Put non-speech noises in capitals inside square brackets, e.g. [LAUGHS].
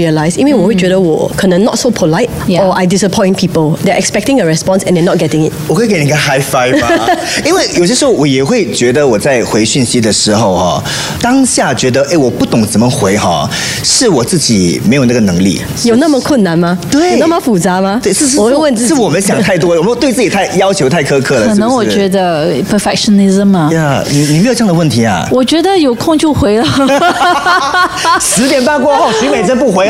realize，因為我會覺得我可能 not so polite，or Yeah. I disappoint people。They're expecting a response and they're not getting it。我可以給你個 high five 嗎？ [LAUGHS] 因為有些時候我也會覺得我在回訊息的時候，哈，當下覺得，哎、欸、我不懂怎麼回，哈，是我自己沒有那個能力。有那麼困難嗎？對，有那麼複雜嗎？對，是是，我會問自己，是我們想太多，我們對自己太要求太苛刻了。可能是是我覺得 perfectionism 嘛。呀，yeah, 你你遇到這樣的問題啊？我覺得有空就回了十 [LAUGHS] [LAUGHS] 點半過後，許美珍不回。